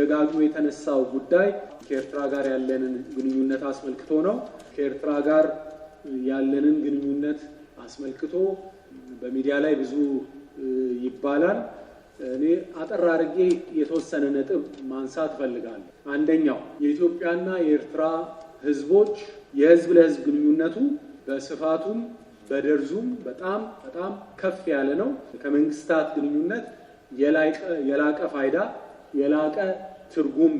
ደጋግሞ የተነሳው ጉዳይ ከኤርትራ ጋር ያለንን ግንኙነት አስመልክቶ ነው። ከኤርትራ ጋር ያለንን ግንኙነት አስመልክቶ በሚዲያ ላይ ብዙ ይባላል። እኔ አጠር አድርጌ የተወሰነ ነጥብ ማንሳት እፈልጋለሁ። አንደኛው የኢትዮጵያና የኤርትራ ሕዝቦች የህዝብ ለህዝብ ግንኙነቱ በስፋቱም በደርዙም በጣም በጣም ከፍ ያለ ነው። ከመንግስታት ግንኙነት የላቀ ፋይዳ የላቀ ትርጉም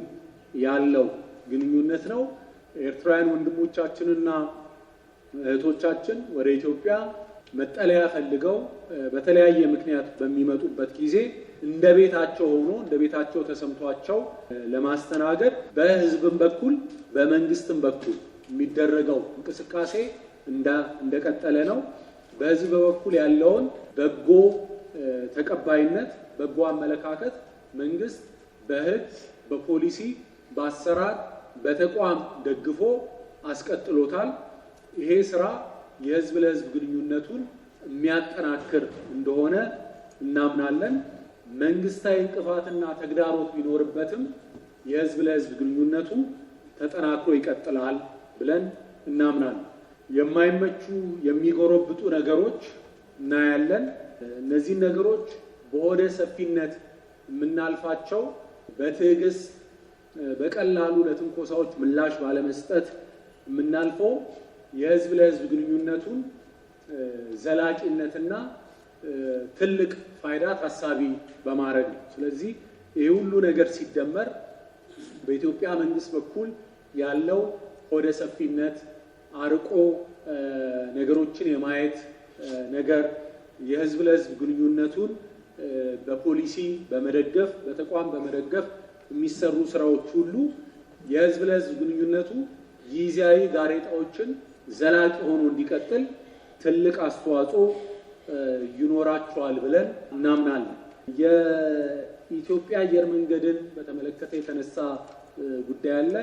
ያለው ግንኙነት ነው። ኤርትራውያን ወንድሞቻችንና እህቶቻችን ወደ ኢትዮጵያ መጠለያ ፈልገው በተለያየ ምክንያት በሚመጡበት ጊዜ እንደ ቤታቸው ሆኖ እንደ ቤታቸው ተሰምቷቸው ለማስተናገድ በሕዝብም በኩል በመንግስትም በኩል የሚደረገው እንቅስቃሴ እንደቀጠለ ነው። በሕዝብ በኩል ያለውን በጎ ተቀባይነት፣ በጎ አመለካከት መንግስት በህግ በፖሊሲ በአሰራር በተቋም ደግፎ አስቀጥሎታል። ይሄ ስራ የህዝብ ለህዝብ ግንኙነቱን የሚያጠናክር እንደሆነ እናምናለን። መንግስታዊ እንቅፋትና ተግዳሮት ቢኖርበትም የህዝብ ለህዝብ ግንኙነቱ ተጠናክሮ ይቀጥላል ብለን እናምናለን። የማይመቹ የሚጎረብጡ ነገሮች እናያለን። እነዚህን ነገሮች በሆደ ሰፊነት የምናልፋቸው በትዕግስት በቀላሉ ለትንኮሳዎች ምላሽ ባለመስጠት የምናልፈው የህዝብ ለህዝብ ግንኙነቱን ዘላቂነትና ትልቅ ፋይዳ ታሳቢ በማድረግ ነው። ስለዚህ ይህ ሁሉ ነገር ሲደመር በኢትዮጵያ መንግስት በኩል ያለው ሆደ ሰፊነት፣ አርቆ ነገሮችን የማየት ነገር የህዝብ ለህዝብ ግንኙነቱን በፖሊሲ በመደገፍ በተቋም በመደገፍ የሚሰሩ ስራዎች ሁሉ የህዝብ ለህዝብ ግንኙነቱ ጊዜያዊ ጋሬጣዎችን ዘላቂ ሆኖ እንዲቀጥል ትልቅ አስተዋጽኦ ይኖራቸዋል ብለን እናምናለን። የኢትዮጵያ አየር መንገድን በተመለከተ የተነሳ ጉዳይ አለ።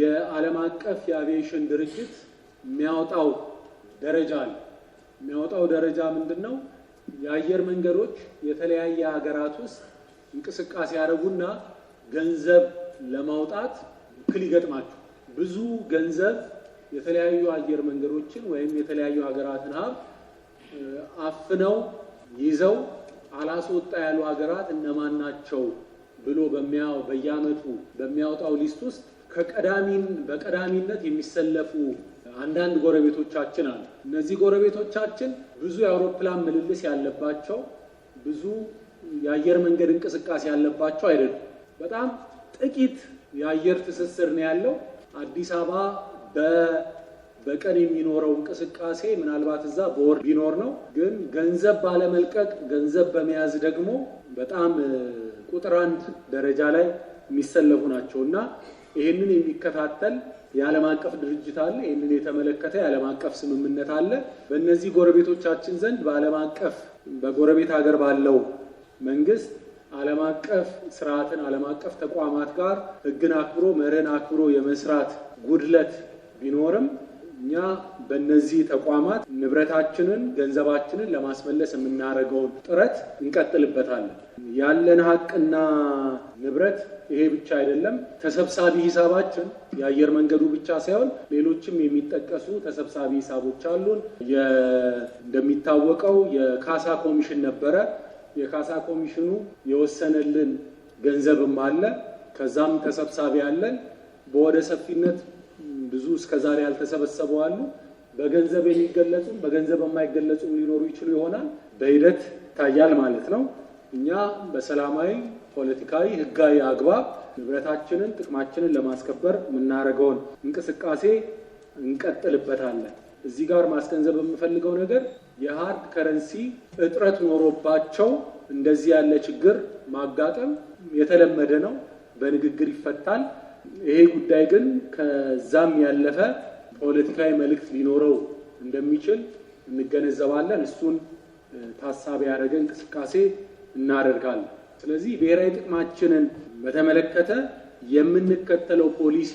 የዓለም አቀፍ የአቪዬሽን ድርጅት የሚያወጣው ደረጃ አለ። የሚያወጣው ደረጃ ምንድን ነው? የአየር መንገዶች የተለያየ ሀገራት ውስጥ እንቅስቃሴ ያደረጉና ገንዘብ ለማውጣት እክል ይገጥማቸው። ብዙ ገንዘብ የተለያዩ አየር መንገዶችን ወይም የተለያዩ ሀገራትን ሀብት አፍነው ይዘው አላስወጣ ያሉ ሀገራት እነማን ናቸው ብሎ በየአመቱ በሚያወጣው ሊስት ውስጥ ከቀዳሚን በቀዳሚነት የሚሰለፉ አንዳንድ ጎረቤቶቻችን አሉ። እነዚህ ጎረቤቶቻችን ብዙ የአውሮፕላን ምልልስ ያለባቸው፣ ብዙ የአየር መንገድ እንቅስቃሴ ያለባቸው አይደሉም። በጣም ጥቂት የአየር ትስስር ነው ያለው። አዲስ አበባ በቀን የሚኖረው እንቅስቃሴ ምናልባት እዛ በወር ቢኖር ነው። ግን ገንዘብ ባለመልቀቅ ገንዘብ በመያዝ ደግሞ በጣም ቁጥር አንድ ደረጃ ላይ የሚሰለፉ ናቸው እና ይህንን የሚከታተል የዓለም አቀፍ ድርጅት አለ። ይህንን የተመለከተ የዓለም አቀፍ ስምምነት አለ። በእነዚህ ጎረቤቶቻችን ዘንድ በዓለም አቀፍ በጎረቤት ሀገር ባለው መንግስት ዓለም አቀፍ ስርዓትን ዓለም አቀፍ ተቋማት ጋር ህግን አክብሮ መርህን አክብሮ የመስራት ጉድለት ቢኖርም እኛ በእነዚህ ተቋማት ንብረታችንን፣ ገንዘባችንን ለማስመለስ የምናደርገውን ጥረት እንቀጥልበታለን። ያለን ሀቅና ንብረት ይሄ ብቻ አይደለም። ተሰብሳቢ ሂሳባችን የአየር መንገዱ ብቻ ሳይሆን ሌሎችም የሚጠቀሱ ተሰብሳቢ ሂሳቦች አሉን። እንደሚታወቀው የካሳ ኮሚሽን ነበረ። የካሳ ኮሚሽኑ የወሰነልን ገንዘብም አለ። ከዛም ተሰብሳቢ አለን። በወደ ሰፊነት ብዙ እስከዛሬ ያልተሰበሰቡ አሉ። በገንዘብ የሚገለጹም በገንዘብ የማይገለጹም ሊኖሩ ይችሉ ይሆናል። በሂደት ይታያል ማለት ነው። እኛ በሰላማዊ ፖለቲካዊ፣ ህጋዊ አግባብ ንብረታችንን፣ ጥቅማችንን ለማስከበር የምናደርገውን እንቅስቃሴ እንቀጥልበታለን። እዚህ ጋር ማስገንዘብ የምፈልገው ነገር የሀርድ ከረንሲ እጥረት ኖሮባቸው እንደዚህ ያለ ችግር ማጋጠም የተለመደ ነው። በንግግር ይፈታል። ይሄ ጉዳይ ግን ከዛም ያለፈ ፖለቲካዊ መልእክት ሊኖረው እንደሚችል እንገነዘባለን። እሱን ታሳቢ ያደረገ እንቅስቃሴ እናደርጋለን። ስለዚህ ብሔራዊ ጥቅማችንን በተመለከተ የምንከተለው ፖሊሲ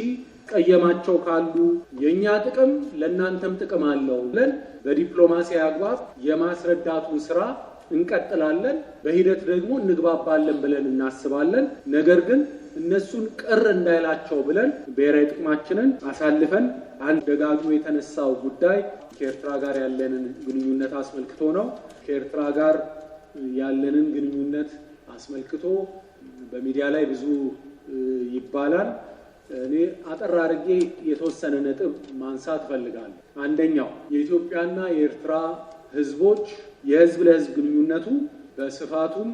ቀየማቸው ካሉ የእኛ ጥቅም ለእናንተም ጥቅም አለው ብለን በዲፕሎማሲያዊ አግባብ የማስረዳቱን ስራ እንቀጥላለን። በሂደት ደግሞ እንግባባለን ብለን እናስባለን። ነገር ግን እነሱን ቅር እንዳይላቸው ብለን ብሔራዊ ጥቅማችንን አሳልፈን አንድ ደጋግሞ የተነሳው ጉዳይ ከኤርትራ ጋር ያለንን ግንኙነት አስመልክቶ ነው። ከኤርትራ ጋር ያለንን ግንኙነት አስመልክቶ በሚዲያ ላይ ብዙ ይባላል። እኔ አጠር አድርጌ የተወሰነ ነጥብ ማንሳት እፈልጋለሁ። አንደኛው የኢትዮጵያና የኤርትራ ሕዝቦች የሕዝብ ለሕዝብ ግንኙነቱ በስፋቱም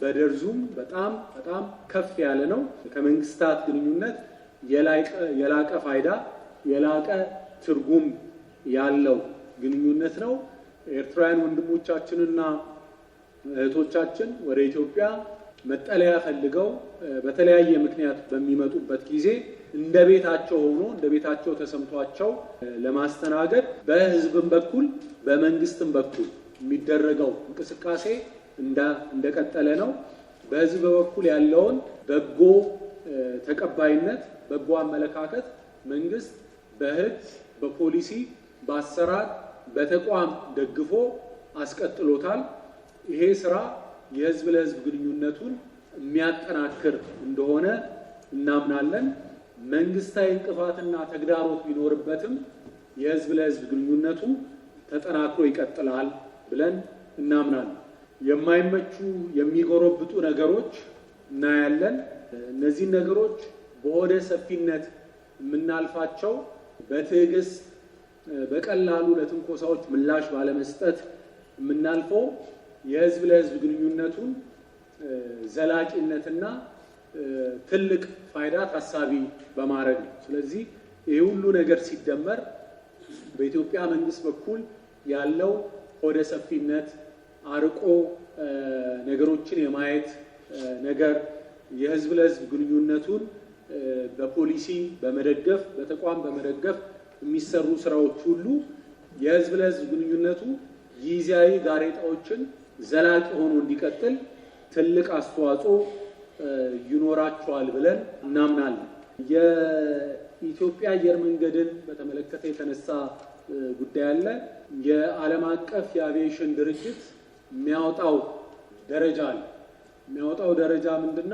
በደርዙም በጣም በጣም ከፍ ያለ ነው። ከመንግስታት ግንኙነት የላቀ ፋይዳ የላቀ ትርጉም ያለው ግንኙነት ነው። ኤርትራውያን ወንድሞቻችንና እህቶቻችን ወደ ኢትዮጵያ መጠለያ ፈልገው በተለያየ ምክንያት በሚመጡበት ጊዜ እንደ ቤታቸው ሆኖ እንደ ቤታቸው ተሰምቷቸው ለማስተናገድ በህዝብን በኩል በመንግስትም በኩል የሚደረገው እንቅስቃሴ እንደቀጠለ ነው። በህዝብ በበኩል ያለውን በጎ ተቀባይነት፣ በጎ አመለካከት መንግስት በህግ፣ በፖሊሲ፣ በአሰራር፣ በተቋም ደግፎ አስቀጥሎታል። ይሄ ስራ የህዝብ ለህዝብ ግንኙነቱን የሚያጠናክር እንደሆነ እናምናለን። መንግስታዊ እንቅፋትና ተግዳሮት ቢኖርበትም የህዝብ ለህዝብ ግንኙነቱ ተጠናክሮ ይቀጥላል ብለን እናምናለን። የማይመቹ የሚጎረብጡ ነገሮች እናያለን። እነዚህን ነገሮች በሆደ ሰፊነት የምናልፋቸው በትዕግስት በቀላሉ ለትንኮሳዎች ምላሽ ባለመስጠት የምናልፈው የህዝብ ለህዝብ ግንኙነቱን ዘላቂነትና ትልቅ ፋይዳ ታሳቢ በማድረግ ነው። ስለዚህ ይህ ሁሉ ነገር ሲደመር በኢትዮጵያ መንግስት በኩል ያለው ሆደ ሰፊነት አርቆ ነገሮችን የማየት ነገር የህዝብ ለህዝብ ግንኙነቱን በፖሊሲ በመደገፍ በተቋም በመደገፍ የሚሰሩ ስራዎች ሁሉ የህዝብ ለህዝብ ግንኙነቱ ጊዜያዊ ጋሬጣዎችን ዘላቂ ሆኖ እንዲቀጥል ትልቅ አስተዋጽኦ ይኖራቸዋል ብለን እናምናለን። የኢትዮጵያ አየር መንገድን በተመለከተ የተነሳ ጉዳይ አለ። የዓለም አቀፍ የአቪዬሽን ድርጅት የሚያወጣው ደረጃ ነው። የሚያወጣው ደረጃ ምንድን ነው?